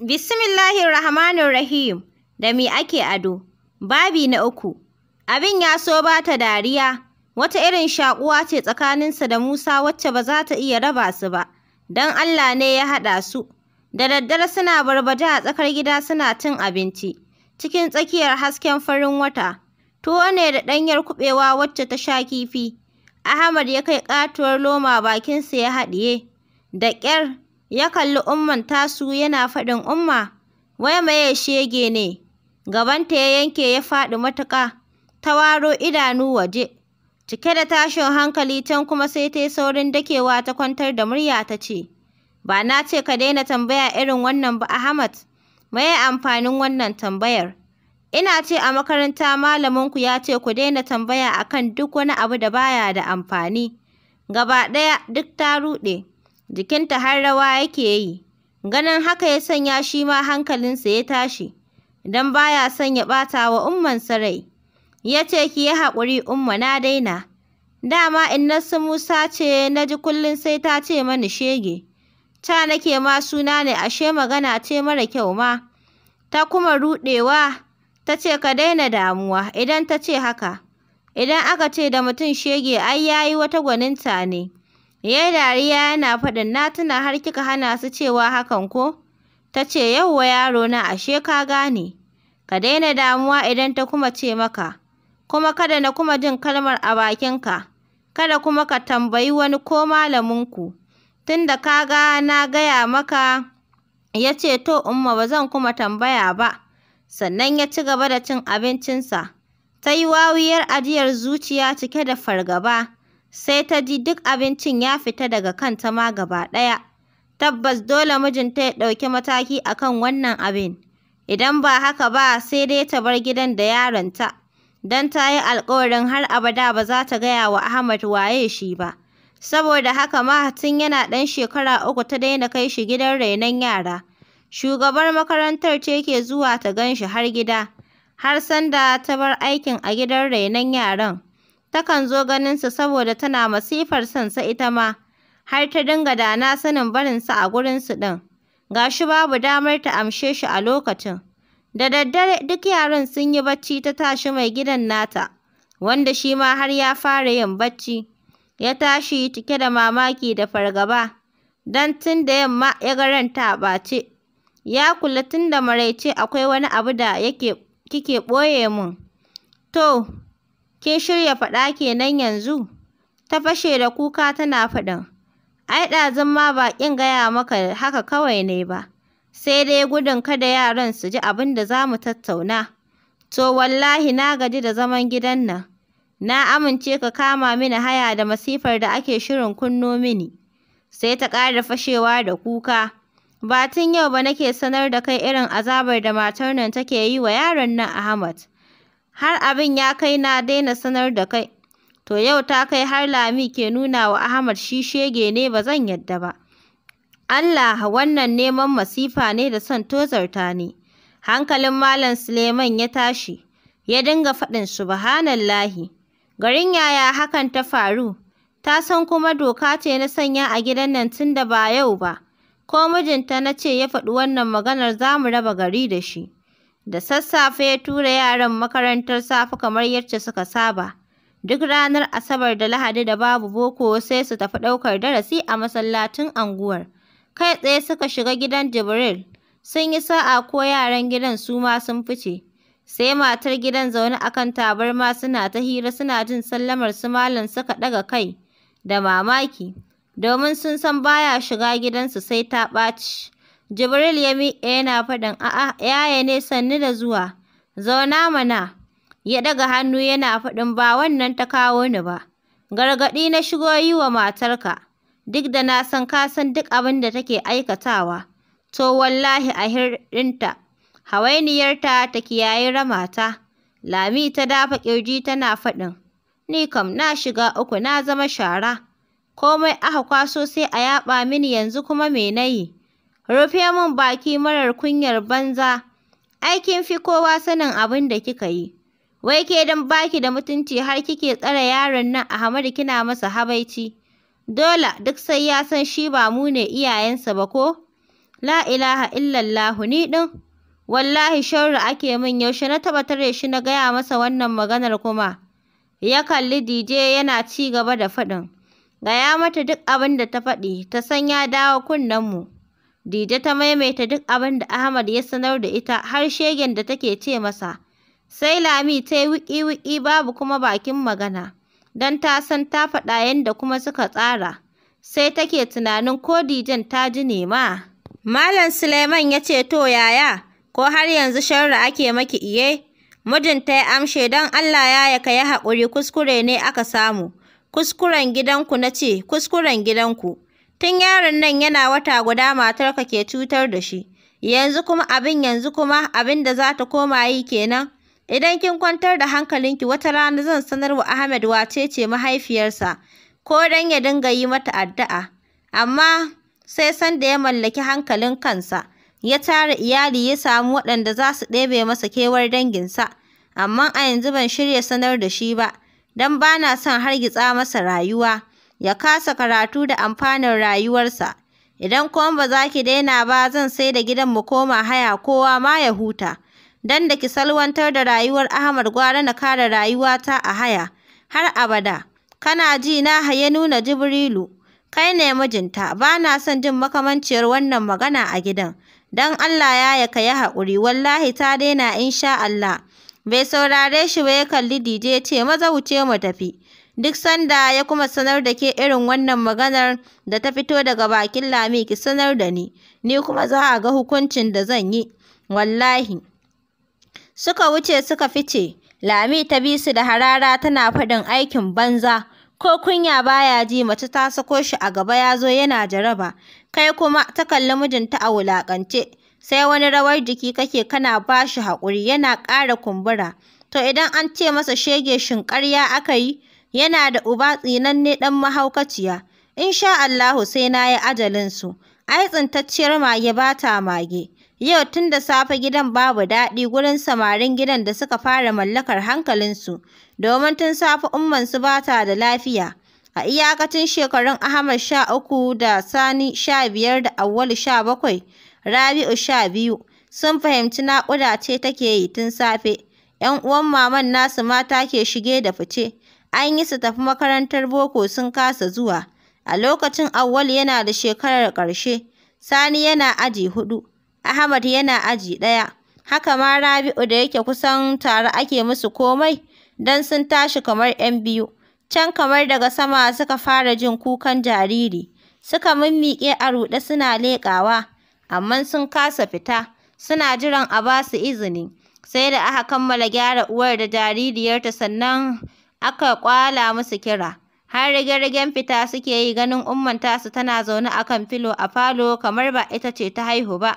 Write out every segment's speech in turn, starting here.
Bismillahir Rahmanir Rahim da me ake ado? Babi na uku. Abin ya so ba ta dariya, wata irin shakuwa ce tsakaninsa da Musa wacce ba za ta iya raba su ba, don Allah ne ya haɗa su. Da daddare suna barbaje a tsakar gida suna cin abinci, cikin tsakiyar hasken farin wata. Tuwo ne da ɗanyar kuɓewa wacce ta sha kifi. Ahmad ya kai ƙatuwar loma bakinsa ya haɗiye. Da ƙyar ya kalli umman tasu yana faɗin umma wai maye shege ne gabanta ya yanke ya faɗi matuƙa ta waro idanu waje cike da tashin hankali can kuma sai ta yi saurin dakewa ta kwantar da murya ta ce ba na ce ka daina tambaya irin wannan ba Ahmad maye amfanin wannan tambayar ina ce a makaranta malaminku ya ce ku daina tambaya akan duk wani abu da baya da amfani gaba ɗaya duk ta ruɗe Jikinta har rawa yake yi. Ganin haka ya sanya shi ma hankalinsa ya tashi, don ba ya son ya ɓata wa ummansa rai. Ya ce ki yi haƙuri umma na daina. Dama innarsu Musa ce na ji kullum sai ta ce mani shege. Ta nake ma suna ne ashe magana ce mara kyau ma. Ta kuma ruɗewa ta ce ka daina damuwa idan ta ce haka. Idan aka ce da mutum shege ai ya yi wata gwaninta ne. Ya yi dariya yana faɗin na tuna har kika hana su cewa hakan ko? Ta ce yauwa yaro na ashe ka gane. Ka daina damuwa idan ta kuma ce maka. Kuma kada na kuma jin kalmar a bakinka. Kada kuma ka tambayi wani ko malaminku. Tunda ka ga na gaya maka ya ce to umma ba zan kuma tambaya ba. Sannan ya ci gaba da cin abincinsa. Ta yi wawiyar ajiyar zuciya cike da fargaba. sai ta ji duk abincin ya fita daga kanta ma gaba ɗaya. Tabbas dole mijinta ya ɗauki mataki a kan wannan abin, idan ba haka ba sai dai ta bar gidan da yaronta, don ta yi alƙawarin har abada ba za ta gaya wa Ahmad waye shi ba. Saboda haka ma tun yana ɗan shekara uku ta daina kai shi gidan rainon yara. Shugabar makarantar ce ke zuwa ta gan shi har gida, har sanda ta bar aikin a gidan rainon yaran. takan zo ganinsa saboda tana masifar son sa ita ma, har ta dinga da na sanin barinsa a gurinsu ɗin. Ga shi babu damar ta amshe shi a lokacin. Da daddare duk yaran sun yi bacci ta tashi mai gidan nata, wanda shi ma har ya fara yin bacci. Ya tashi cike da mamaki da fargaba, don tun da yamma ya garanta a ɓace. Ya kula tun da maraice akwai wani abu da yake kike ɓoye mun?" To, Ke shirya faɗa kenan yanzu? Ta fashe da kuka tana faɗin. Ai ɗazun ma ba ƙin gaya maka haka kawai ne ba. Sai dai gudun kada yaran su ji abin da za mu tattauna. To wallahi na gaji da zaman gidan nan. Na amince ka kama mini haya da masifar da ake shirin kunno mini. Sai ta ƙara fashewa da kuka. Ba tun yau ba nake sanar da kai irin azabar da matar nan take yi wa yaron nan Ahmad. har abin ya kai na daina sanar da kai. To yau ta kai har Lami ke nuna wa Ahmad shi shege ne ba zan yadda ba. Allah wannan neman masifa ne da son tozarta ne. Hankalin Malam Suleiman ya tashi, ya dinga faɗin subhanallahi. Garin yaya hakan ta faru, ta san kuma doka ce na sanya a gidan nan tun da ba yau ba. Ko mijinta na ce ya faɗi wannan maganar za mu raba gari da shi. Da sassafe ya tura yaran makarantar safe kamar yacce suka saba. Duk ranar Asabar da Lahadi da babu boko sai su tafi ɗaukar darasi a masallacin anguwar. Kai tsaye suka shiga gidan Jibril. Sun yi sa'a ko yaran gidan su ma sun fice. Sai matar gidan zaune a kan tabarma suna ta hira suna jin sallamar su malam suka ɗaga kai da mamaki. Domin sun san baya shiga gidansu sai ta ɓaci. Jibril ya miƙe yana faɗin, a'a yaya ne sannu da zuwa, zauna mana. Ya ɗaga hannu yana faɗin ba wannan ta kawo ni ba, gargaɗi na shigo yi wa matarka, duk da na san ka san duk abin da take aikatawa, to wallahi a hirɗinta, hawainiyarta ta kiyayi ramata. Lami ta dafa ƙirji tana faɗin, ni kam na shiga uku na zama shara, komai aka kwaso sai a yaɓa mini yanzu kuma me na yi? Rufe min baki marar kunyar banza. Aikin fi kowa sanin abin da kika yi. Wai ke dan baki da mutunci har kike tsare yaron nan Ahmadu kina masa habaici. Dole duk sai ya san shi ba mu ne iyayensa ba ko? La ilaha illallahu ni din. Wallahi shauri ake min yaushe na taɓa shi na gaya masa wannan maganar kuma. Ya kalli DJ yana ci gaba da faɗin. Gaya mata duk abin da ta faɗi, ta san ya dawo kunnen mu. Dije ta maimaita duk abin da Ahmad ya sanar da ita har shegen da take ce masa. Sai Lami ta yi wiki-wiki babu kuma bakin magana, don ta san ta faɗa yadda kuma suka tsara. Sai take tunanin ko Dijen ta ji nema. Malam Suleiman ya ce to yaya, ko har yanzu sharra ake maki iye? Mijinta ya amshe don Allah ya ya yi haƙuri kuskure ne aka samu. Kuskuren gidanku na ce, kuskuren gidanku. Tun yaron nan yana wata guda matarka ke cutar da shi. Yanzu kuma abin yanzu kuma abin da za ta koma yi kenan. Idan kin kwantar da hankalinki wata rana zan sanar wa Ahmed wace ce mahaifiyarsa ko dan ya dinga yi mata addu'a. Amma sai sanda ya mallaki hankalin kansa ya tara iyali ya samu waɗanda za su ɗebe masa kewar danginsa. Amma a yanzu ban shirya sanar da shi ba don ba na son hargitsa masa rayuwa. ya kasa karatu da amfanin rayuwarsa. Idan kuma ba za ki daina ba zan sai da gidan mu koma haya kowa ma ya huta. Dan da ki salwantar da rayuwar Ahmad gwara na kare rayuwata a haya har abada. Kana ji na haye nuna Jibrilu. Kai ne mijinta, ba na son jin makamanciyar wannan magana a gidan. dan Allah ya ya ka haƙuri, wallahi ta daina insha Allah. Bai saurare shi ba ya kalli DJ ce Mazauce mu tafi. duk sanda ya kuma sanar da ke irin wannan maganar da ta fito daga bakin lami ki sanar da ni ni kuma za a ga hukuncin da zan yi wallahi suka wuce suka fice lami ta bi su da harara tana faɗin aikin banza ko kunya baya ji mace ta sako shi a gaba ya zo yana jaraba kai kuma ta kalli mijinta a wulakance sai wani rawar jiki kake kana ba shi haƙuri yana ƙara kumbura to idan an ce masa shege shin ƙarya aka yi yana da uba tsinanne ɗan mahaukaciya, in sha Allahu sai na yi ajalinsu, ai tsintacciyar mage ba ta mage. Yau tun da safe gidan babu daɗi gurin samarin gidan da suka fara mallakar hankalinsu, domin tun safe ummansu ba ta da lafiya. A iyakacin shekarun Ahmad sha uku da Sani sha biyar da Auwalu sha bakwai, Rabi'u sha biyu, sun fahimci naƙuda ce take yi tun safe. ‘Yan uwan maman nasu mata ke shige da fice, an yi su tafi makarantar boko sun kasa zuwa. A lokacin Auwalu yana da shekarar ƙarshe, Sani yana aji hudu, Ahmad yana aji ɗaya, haka ma Rabi'u da yake kusan tare ake musu komai don sun tashi kamar ‘yan biyu. Can kamar daga sama suka fara jin kukan jariri, suka mimmiƙe a ruɗe suna leƙawa, amma sun kasa fita, suna jiran a ba su izini. Sai da aka kammala gyara uwar da jaririyarta sannan aka ƙwala musu kira, har rige-rigen fita suke yi ganin umman tasu tana zaune a kan filo a falo kamar ba ita ce ta haihu ba,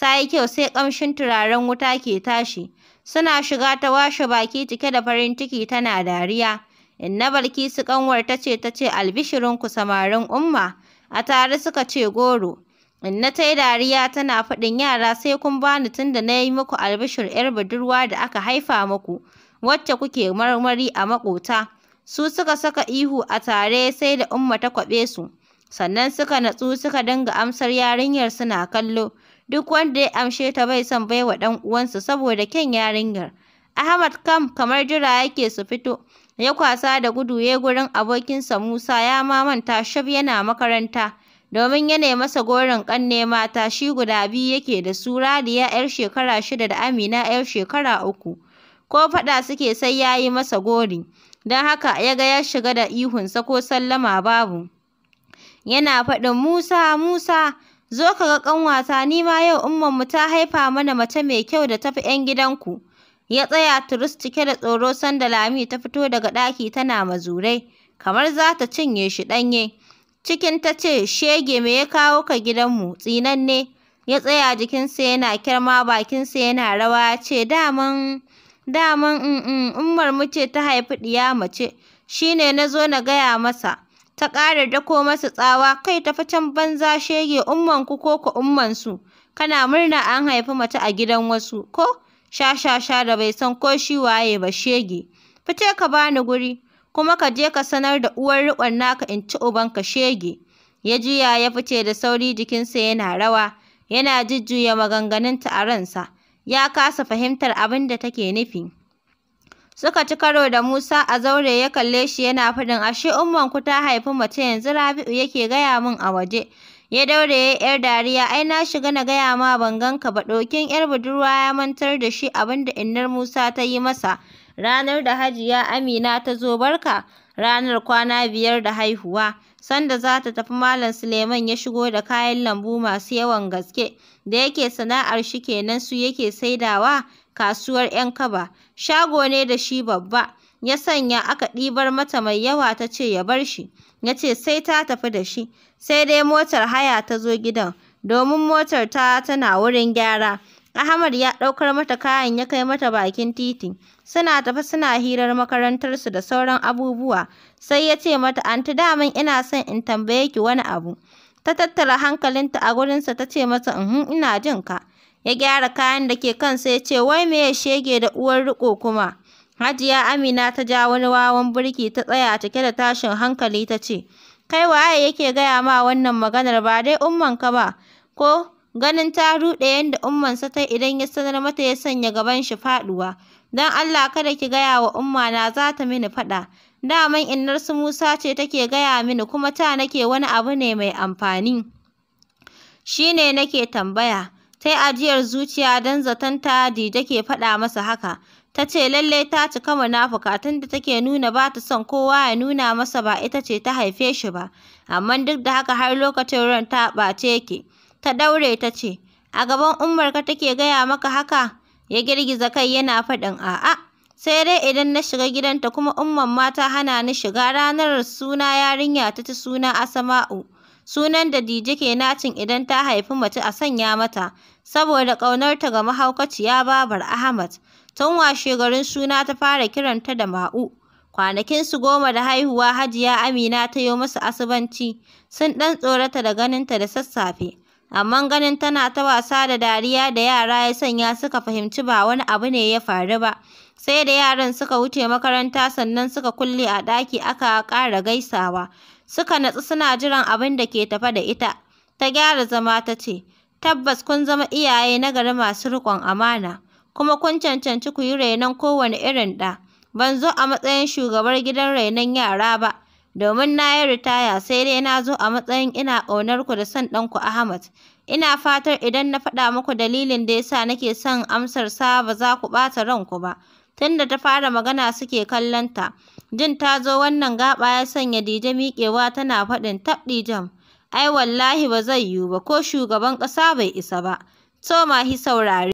ta yi kyau sai ƙamshin turaren wuta ke tashi, suna shiga ta washe baki cike da farin ciki tana dariya. Inna su ƙanwar ta ce ta ce albishirinku samarin umma, a tare suka ce goro. Inna ta yi dariya tana faɗin yara sai kun bani tunda na yi muku albishir ‘yar budurwa da aka haifa muku. wacce kuke marmari a maƙota. Su suka saka ihu a tare sai da Umma ta kwaɓe su. Sannan suka natsu suka dinga amsar yarinyar suna kallo. Duk wanda ya amshe ta bai son baiwa ɗan uwansa saboda kyan yarinyar. Ahmad kam kamar jira yake su fito. Ya kwasa da gudu ya gurin abokinsa Musa ya ma manta shaf yana makaranta. domin ya ne masa gorin ƙanne mata shi guda biyu yake da su Radiya 'yar shekara shida da Amina 'yar shekara uku. ko faɗa suke sai ya yi masa gori, don haka ya ga ya shiga da ihunsa ko sallama babu. Yana faɗin Musa, Musa, zo ka ga ƙanwata ni ma yau ummanmu ta haifa mana mace mai kyau da tafi 'yan gidanku. Ya tsaya turus cike da tsoro sanda Lami ta fito daga ɗaki tana mazurai, kamar za ta cinye shi ɗanye. Cikin ta ce, shege me ya kawo ka gidanmu, tsinanne. Ya tsaya jikinsa yana kirma bakinsa yana rawa ya ce, daman Daman mm, mm ummar mu ce ta haifi ɗiya mace, shi ne na zo na gaya masa. Ta ƙara dako masa tsawa, kai tafi can banza shege ummanku ko ku su? Kana murna an haifi mace a gidan wasu, ko? Sha-sha-sha da bai san ko shi waye ba shege. Fice ka bani guri, kuma ka je ka sanar da uwar riƙon naka in ci ubanka shege. Ya juya ya fice da sauri jikinsa yana rawa, yana jujjuya maganganunta a ransa. ya kasa fahimtar abin da take nufi. Suka ci karo da Musa a zaure ya kalle shi yana faɗin ashe ummanku ta haifi mace yanzu Rabi'u yake gaya min a waje. Ya daure ya ‘yar dariya ai na shiga na gaya ma ban ganka ba ɗokin ‘yar budurwa ya mantar da shi abin da innar Musa ta yi masa. Ranar da Hajiya Amina ta zo barka ranar kwana biyar da haihuwa. Sanda za ta tafi Malam Suleiman ya shigo da kayan lambu masu yawan gaske da yake sana'ar shi kenan su yake saidawa kasuwar 'yan kaba. Shago ne da shi babba. Ya sanya aka ɗibar mata mai yawa ta ce ya bar shi. Ya ce sai ta tafi da shi. Sai dai motar haya ta zo gidan domin motar ta tana wurin gyara. Ahmad ya ɗaukar mata kayan ya kai mata bakin titi. Suna tafi suna hirar makarantarsu da sauran abubuwa. Sai ya ce mata, "Anti daman ina son in tambaye ki wani abu." Ta tattara hankalinta a gurinsa ta ce masa, in ina jin ka." Ya gyara kayan da ke kansa ya ce, "Wai me ya shege da uwar riko kuma?" Hajiya Amina ta ja wani wawan birki ta tsaya cike da tashin hankali ta ce, "Kai waye yake gaya ma wannan maganar ba dai ummanka ba, ko Ganin ta ruɗe yadda ummansa ta idan ya sanar mata ya sanya gaban shi faɗuwa. Don Allah kada ki gaya wa umma na za ta mini faɗa. Daman innar su Musa ce take gaya mini kuma ta nake wani abu ne mai amfani. Shi ne nake tambaya. Ta ajiyar zuciya don zaton ta Dije ke faɗa masa haka. Ta ce lallai ta cika munafuka tunda take nuna ba ta son kowa ya nuna masa ba ita ce ta haife shi ba. Amma duk da haka har lokacin ran ta ɓace yake. ta daure ta ce, A gaban umarka take gaya maka haka? Ya girgiza kai yana faɗin a'a. Sai dai idan na shiga gidanta kuma Umman ma ta hana ni shiga ranar suna yarinya ta ci suna Asama'u. Sunan da Dije ke nacin idan ta haifi mace a sanya mata, saboda ƙaunarta ga mahaukaciya babar Ahmad. Tun washe garin suna ta fara kiranta da Ma'u. Kwanakin su goma da haihuwa Hajiya Amina ta yo masa asubanci, sun ɗan tsorata da ganinta da sassafe. amma ganin tana ta wasa da dariya da yara ya sanya suka fahimci ba wani abu ne ya faru ba. Sai da yaran suka wuce makaranta sannan suka kulle a ɗaki aka ƙara gaisawa. Suka natsu suna jiran abin da ke tafe da ita. Ta gyara zama ta ce, tabbas kun zama iyaye na gari masu riƙon amana, kuma kun cancanci ku yi rainon kowane irin ɗa. Ban zo a matsayin shugabar gidan rainon yara ba. domin na yi ritaya sai dai na zo a matsayin ina ƙaunar ku da son ɗanku Ahmad. Ina fatar idan na faɗa muku dalilin da yasa nake son amsar sa ba za ku ɓata ranku ba. Tunda ta fara magana suke kallon Jin ta zo wannan gaɓa ya sanya Dije miƙewa tana faɗin tab jam. Ai wallahi ba zai yiwu ba ko shugaban ƙasa bai isa ba. soma hi saurare.